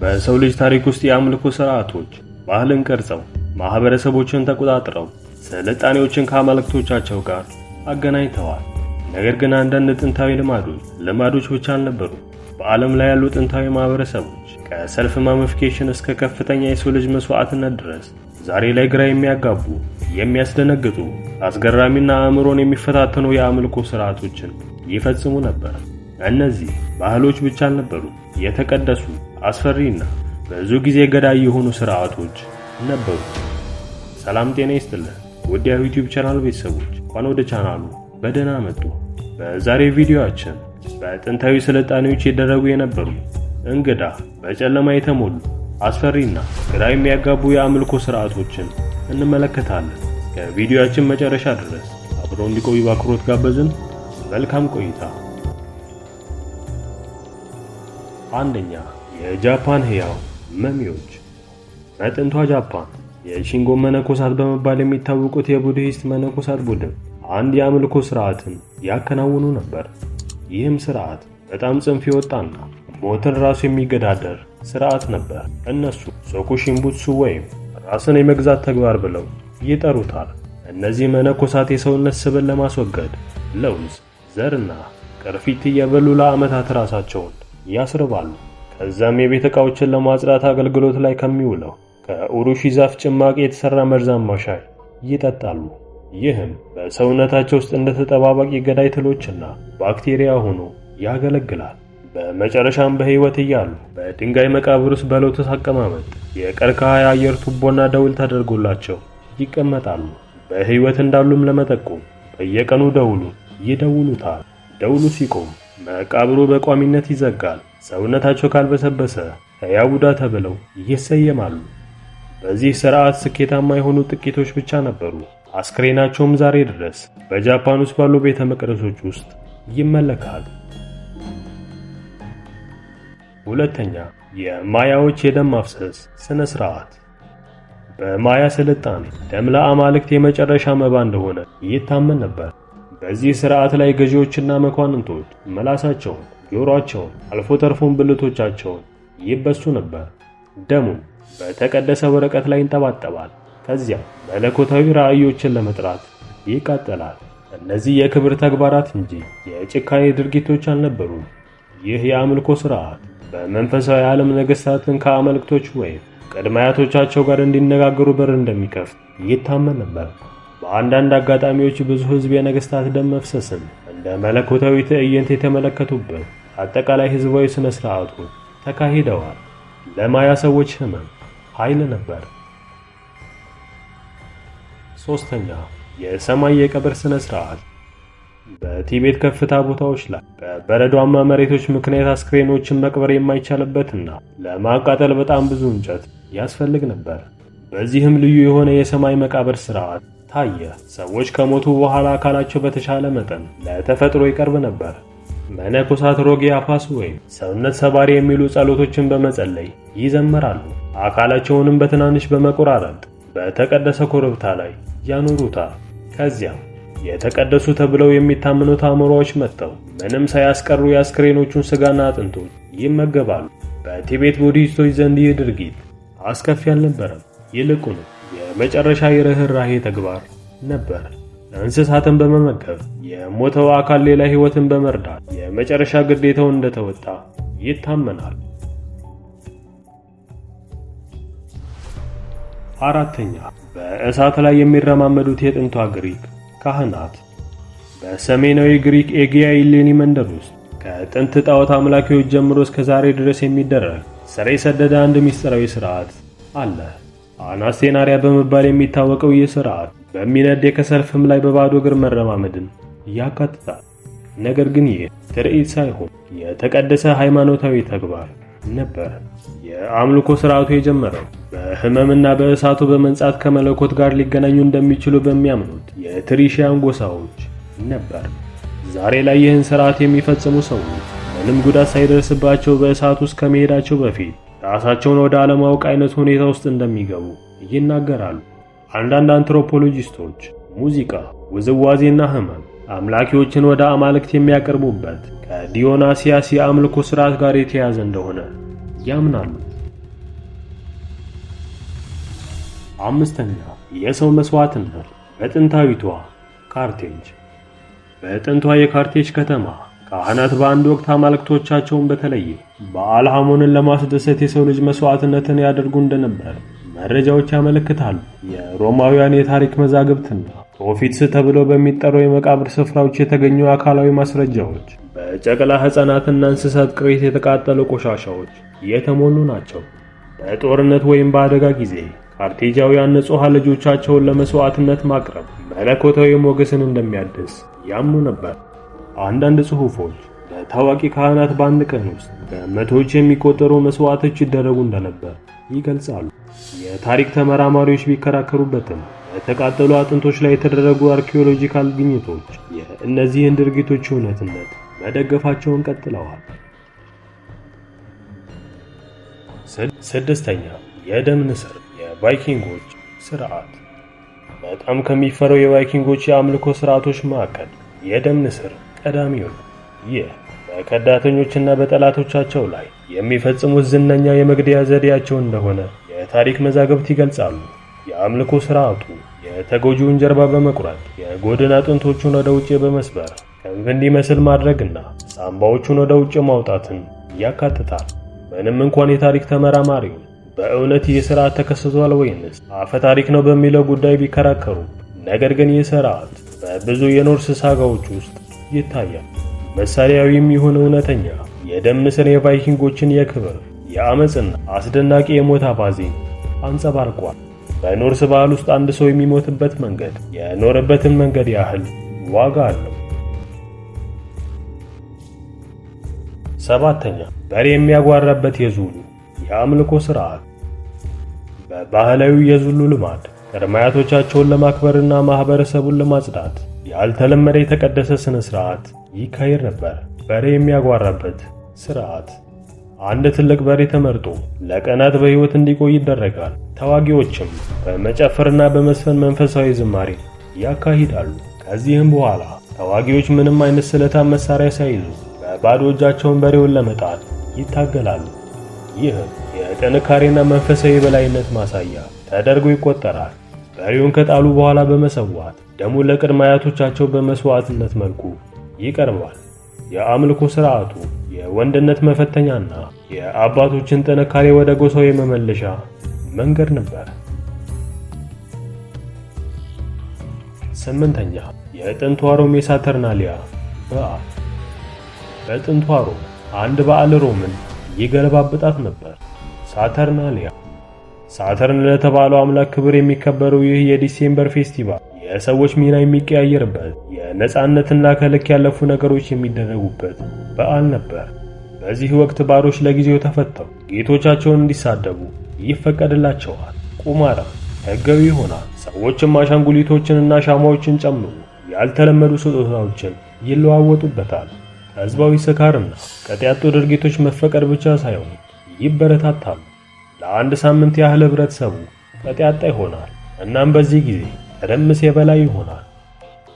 በሰው ልጅ ታሪክ ውስጥ የአምልኮ ስርዓቶች ባህልን ቀርጸው ማህበረሰቦችን ተቆጣጥረው ስልጣኔዎችን ከአማልክቶቻቸው ጋር አገናኝተዋል። ነገር ግን አንዳንድ ጥንታዊ ልማዶች ልማዶች ብቻ አልነበሩ። በዓለም ላይ ያሉ ጥንታዊ ማህበረሰቦች ከሰልፍ ማሞፊኬሽን እስከ ከፍተኛ የሰው ልጅ መስዋዕትነት ድረስ ዛሬ ላይ ግራ የሚያጋቡ የሚያስደነግጡ አስገራሚና አእምሮን የሚፈታተኑ የአምልኮ ስርዓቶችን ይፈጽሙ ነበር። እነዚህ ባህሎች ብቻ አልነበሩ፣ የተቀደሱ አስፈሪና ብዙ ጊዜ ገዳይ የሆኑ ስርዓቶች ነበሩ። ሰላም ጤና ይስጥልህ ውድ የዩቲዩብ ቻናል ቤተሰቦች እንኳን ወደ ቻናሉ በደህና መጡ። በዛሬው ቪዲዮአችን በጥንታዊ ስልጣኔዎች የደረጉ የነበሩ እንግዳ በጨለማ የተሞሉ አስፈሪና ግራ የሚያጋቡ የአምልኮ ስርዓቶችን እንመለከታለን። ከቪዲዮአችን መጨረሻ ድረስ አብሮ እንዲቆዩ በአክብሮት ጋበዝን። መልካም ቆይታ አንደኛ የጃፓን ህያው መሚዎች በጥንቷ ጃፓን የሺንጎ መነኮሳት በመባል የሚታወቁት የቡድሂስት መነኮሳት ቡድን አንድ የአምልኮ ስርዓትን ያከናውኑ ነበር። ይህም ስርዓት በጣም ጽንፍ የወጣና ሞትን ራሱ የሚገዳደር ስርዓት ነበር። እነሱ ሶኩሺምቡትሱ ወይም ራስን የመግዛት ተግባር ብለው ይጠሩታል። እነዚህ መነኮሳት የሰውነት ስብን ለማስወገድ ለውዝ፣ ዘርና ቅርፊት እየበሉ ለዓመታት ራሳቸውን ያስርባሉ። ከዛም የቤት ዕቃዎችን ለማጽዳት አገልግሎት ላይ ከሚውለው ከኡሩሺ ዛፍ ጭማቂ የተሰራ መርዛማ ሻይ ይጠጣሉ። ይህም በሰውነታቸው ውስጥ እንደ ተጠባባቂ ገዳይ ትሎችና ባክቴሪያ ሆኖ ያገለግላል። በመጨረሻም በሕይወት እያሉ በድንጋይ መቃብር ውስጥ በሎተስ አቀማመጥ የቀርከሃ የአየር ቱቦና ደውል ተደርጎላቸው ይቀመጣሉ። በሕይወት እንዳሉም ለመጠቆም በየቀኑ ደውሉ ይደውሉታል። ደውሉ ሲቆም መቃብሩ በቋሚነት ይዘጋል። ሰውነታቸው ካልበሰበሰ ሕያው ቡዳ ተብለው ይሰየማሉ። በዚህ ሥርዓት ስኬታማ የሆኑ ጥቂቶች ብቻ ነበሩ። አስክሬናቸውም ዛሬ ድረስ በጃፓን ውስጥ ባሉ ቤተ መቅደሶች ውስጥ ይመለካል። ሁለተኛ፣ የማያዎች የደም ማፍሰስ ስነ ስርዓት። በማያ ስልጣኔ ደም ለአማልክት የመጨረሻ መባ እንደሆነ ይታመን ነበር። በዚህ ስርዓት ላይ ገዢዎችና መኳንንቶች መላሳቸውን፣ ጆሮአቸውን፣ አልፎ ተርፎን ብልቶቻቸውን ይበሱ ነበር። ደሙም በተቀደሰ ወረቀት ላይ ይንጠባጠባል። ከዚያ መለኮታዊ ራእዮችን ለመጥራት ይቃጠላል። እነዚህ የክብር ተግባራት እንጂ የጭካኔ ድርጊቶች አልነበሩም። ይህ የአምልኮ ስርዓት በመንፈሳዊ ዓለም ነገሥታትን ከአመልክቶች ወይም ቅድመ አያቶቻቸው ጋር እንዲነጋገሩ በር እንደሚከፍት ይታመን ነበር። በአንዳንድ አጋጣሚዎች ብዙ ህዝብ የነገስታት ደም መፍሰስን እንደ መለኮታዊ ትዕይንት የተመለከቱበት አጠቃላይ ህዝባዊ ስነ ስርዓቱ ተካሂደዋል። ለማያ ሰዎች ህመም ኃይል ነበር። ሶስተኛ የሰማይ የቀብር ስነ ስርዓት በቲቤት ከፍታ ቦታዎች ላይ በበረዷማ መሬቶች ምክንያት አስክሬኖችን መቅበር የማይቻልበትና ለማቃጠል በጣም ብዙ እንጨት ያስፈልግ ነበር። በዚህም ልዩ የሆነ የሰማይ መቃብር ስርዓት። ታየ። ሰዎች ከሞቱ በኋላ አካላቸው በተሻለ መጠን ለተፈጥሮ ይቀርብ ነበር። መነኮሳት ሮጌ አፓስ ወይም ሰውነት ሰባሪ የሚሉ ጸሎቶችን በመጸለይ ይዘምራሉ። አካላቸውንም በትናንሽ በመቆራረጥ በተቀደሰ ኮረብታ ላይ ያኖሩታል። ከዚያም የተቀደሱ ተብለው የሚታመኑት አእምሮዎች መጥተው ምንም ሳያስቀሩ የአስክሬኖቹን ስጋና አጥንቶች ይመገባሉ። በቲቤት ቡዲስቶች ዘንድ ይህ ድርጊት አስከፊ አልነበረም። ይልቁንም የመጨረሻ የርኅራሄ ተግባር ነበር። እንስሳትን በመመገብ የሞተው አካል ሌላ ሕይወትን በመርዳት የመጨረሻ ግዴታውን እንደተወጣ ይታመናል። አራተኛ በእሳት ላይ የሚረማመዱት የጥንቷ ግሪክ ካህናት በሰሜናዊ ግሪክ ኤጊያ ኢሌኒ መንደር ውስጥ ከጥንት ጣዖት አምላኪዎች ጀምሮ እስከ ዛሬ ድረስ የሚደረግ ስር የሰደደ አንድ ሚስጥራዊ ስርዓት አለ። አናስቴናሪያ በመባል የሚታወቀው ይህ ስርዓት በሚነድ የከሰል ፍም ላይ በባዶ እግር መረማመድን ያካትታል። ነገር ግን ይህ ትርኢት ሳይሆን የተቀደሰ ሃይማኖታዊ ተግባር ነበር። የአምልኮ ስርዓቱ የጀመረው በህመምና በእሳቱ በመንጻት ከመለኮት ጋር ሊገናኙ እንደሚችሉ በሚያምኑት የትሪሽያን ጎሳዎች ነበር። ዛሬ ላይ ይህን ስርዓት የሚፈጽሙ ሰዎች ምንም ጉዳት ሳይደርስባቸው በእሳት ውስጥ ከመሄዳቸው በፊት ራሳቸውን ወደ አለማወቅ አይነት ሁኔታ ውስጥ እንደሚገቡ ይናገራሉ። አንዳንድ አንትሮፖሎጂስቶች ሙዚቃ፣ ውዝዋዜና ህመም አምላኪዎችን ወደ አማልክት የሚያቀርቡበት ከዲዮናሲያስ የአምልኮ ስርዓት ጋር የተያያዘ እንደሆነ ያምናሉ። አምስተኛ የሰው መስዋዕትነት በጥንታዊቷ ካርቴጅ። በጥንቷ የካርቴጅ ከተማ ካህናት በአንድ ወቅት አማልክቶቻቸውን በተለየ በዓል ሐሞንን ለማስደሰት የሰው ልጅ መስዋዕትነትን ያደርጉ እንደነበረ መረጃዎች ያመለክታሉ። የሮማውያን የታሪክ መዛግብትና ቶፊትስ ተብለው በሚጠራው የመቃብር ስፍራዎች የተገኙ አካላዊ ማስረጃዎች በጨቅላ ሕፃናትና እንስሳት ቅሪት የተቃጠሉ ቆሻሻዎች የተሞሉ ናቸው። በጦርነት ወይም በአደጋ ጊዜ ካርቴጃውያን ንጹሐን ልጆቻቸውን ለመስዋዕትነት ማቅረብ መለኮታዊ ሞገስን እንደሚያድስ ያምኑ ነበር። አንዳንድ ጽሑፎች በታዋቂ ካህናት በአንድ ቀን ውስጥ በመቶዎች የሚቆጠሩ መስዋዕቶች ይደረጉ እንደነበር ይገልጻሉ። የታሪክ ተመራማሪዎች ቢከራከሩበትም በተቃጠሉ አጥንቶች ላይ የተደረጉ አርኪኦሎጂካል ግኝቶች የእነዚህን ድርጊቶች እውነትነት መደገፋቸውን ቀጥለዋል። ስድስተኛ የደም ንስር የቫይኪንጎች ስርዓት። በጣም ከሚፈረው የቫይኪንጎች የአምልኮ ስርዓቶች መካከል የደም ንስር ቀዳሚው ነው። ይህ በከዳተኞችና በጠላቶቻቸው ላይ የሚፈጽሙት ዝነኛ የመግደያ ዘዴያቸው እንደሆነ የታሪክ መዛግብት ይገልጻሉ። የአምልኮ ስርዓቱ የተጎጂውን ጀርባ በመቁረጥ የጎድን አጥንቶቹን ወደ ውጭ በመስበር ክንፍ እንዲመስል ማድረግና ሳምባዎቹን ወደ ውጭ ማውጣትን ያካትታል። ምንም እንኳን የታሪክ ተመራማሪው በእውነት ይህ ተከስቷል ወይንስ አፈ ታሪክ ነው በሚለው ጉዳይ ቢከራከሩ፣ ነገር ግን ይህ ሥርዓት በብዙ የኖርስ ሳጋዎች ውስጥ ይታያል። መሳሪያው የሚሆን እውነተኛ የደም ምስል የቫይኪንጎችን የክብር የአመፅና አስደናቂ የሞት አባዜ አንጸባርቋል። በኖርስ ባህል ውስጥ አንድ ሰው የሚሞትበት መንገድ የኖረበትን መንገድ ያህል ዋጋ አለው። ሰባተኛ በሬ የሚያጓራበት የዙሉ የአምልኮ ስርዓት በባህላዊ የዙሉ ልማድ ቅድመ አያቶቻቸውን ለማክበርና ማህበረሰቡን ለማጽዳት ያልተለመደ የተቀደሰ ስነ ስርዓት ይካሄድ ነበር። በሬ የሚያጓራበት ስርዓት አንድ ትልቅ በሬ ተመርጦ ለቀናት በህይወት እንዲቆይ ይደረጋል። ተዋጊዎችም በመጨፈርና በመዝፈን መንፈሳዊ ዝማሬ ያካሂዳሉ። ከዚህም በኋላ ተዋጊዎች ምንም አይነት ስለታም መሳሪያ ሳይዙ በባዶ እጃቸውን በሬውን ለመጣል ይታገላሉ። ይህም የጥንካሬና መንፈሳዊ የበላይነት ማሳያ ተደርጎ ይቆጠራል። ቀሪውን ከጣሉ በኋላ በመሰዋት ደሙ ለቅድመ አያቶቻቸው በመስዋዕትነት መልኩ ይቀርባል። የአምልኮ ሥርዓቱ የወንድነት መፈተኛና የአባቶችን ጥንካሬ ወደ ጎሳው የመመለሻ መንገድ ነበር። ስምንተኛ የጥንቷ ሮም የሳተርናሊያ በዓል። በጥንቷ ሮም አንድ በዓል ሮምን ይገለባብጣት ነበር። ሳተርናሊያ ሳተርን ለተባለው አምላክ ክብር የሚከበረው ይህ የዲሴምበር ፌስቲቫል የሰዎች ሚና የሚቀያየርበት የነፃነትና ከልክ ያለፉ ነገሮች የሚደረጉበት በዓል ነበር። በዚህ ወቅት ባሮች ለጊዜው ተፈተው ጌቶቻቸውን እንዲሳደቡ ይፈቀድላቸዋል። ቁማራ ሕጋዊ ይሆናል። ሰዎችም አሻንጉሊቶችንና ሻማዎችን ጨምሮ ያልተለመዱ ስጦታዎችን ይለዋወጡበታል። ሕዝባዊ ስካርና ቀጥ ያጡ ድርጊቶች መፈቀድ ብቻ ሳይሆን ይበረታታሉ። ለአንድ ሳምንት ያህል ህብረተሰቡ ቀጢያጣ ይሆናል። እናም በዚህ ጊዜ ተደምስ በላይ ይሆናል።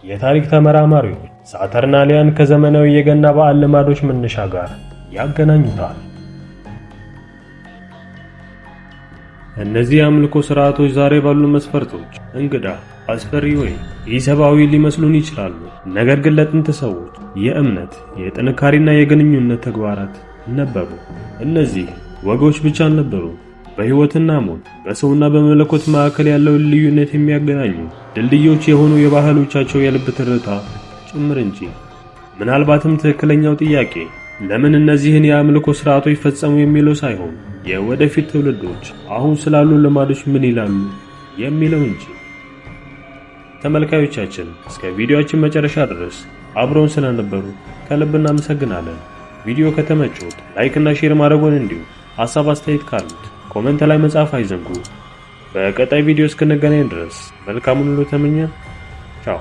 የታሪክ ተመራማሪዎች ሳተርናሊያን ከዘመናዊ የገና በዓል ልማዶች መነሻ ጋር ያገናኙታል። እነዚህ የአምልኮ ስርዓቶች ዛሬ ባሉ መስፈርቶች እንግዳ፣ አስፈሪ ወይም ኢሰብአዊ ሊመስሉን ይችላሉ። ነገር ግን ለጥንት ሰዎች የእምነት የጥንካሬና የግንኙነት ተግባራት ነበሩ። እነዚህ ወጎች ብቻ አልነበሩም። በህይወትና ሞት በሰውና በመለኮት መካከል ያለውን ልዩነት የሚያገናኙ ድልድዮች የሆኑ የባህሎቻቸው የልብ ትርታ ጭምር እንጂ። ምናልባትም ትክክለኛው ጥያቄ ለምን እነዚህን የአምልኮ ስርዓቶች ፈጸሙ የሚለው ሳይሆን የወደፊት ትውልዶች አሁን ስላሉ ልማዶች ምን ይላሉ የሚለው እንጂ። ተመልካዮቻችን እስከ ቪዲዮአችን መጨረሻ ድረስ አብረውን ስለነበሩ ከልብ እናመሰግናለን። ቪዲዮ ከተመቾት ላይክ እና ሼር ማድረጉን እንዲሁ ሀሳብ አስተያየት ካሉት ኮመንት ላይ መጻፍ አይዘንጉ። በቀጣይ ቪዲዮ እስክንገናኝ ድረስ መልካሙን ሁሉ ተመኘን። ቻው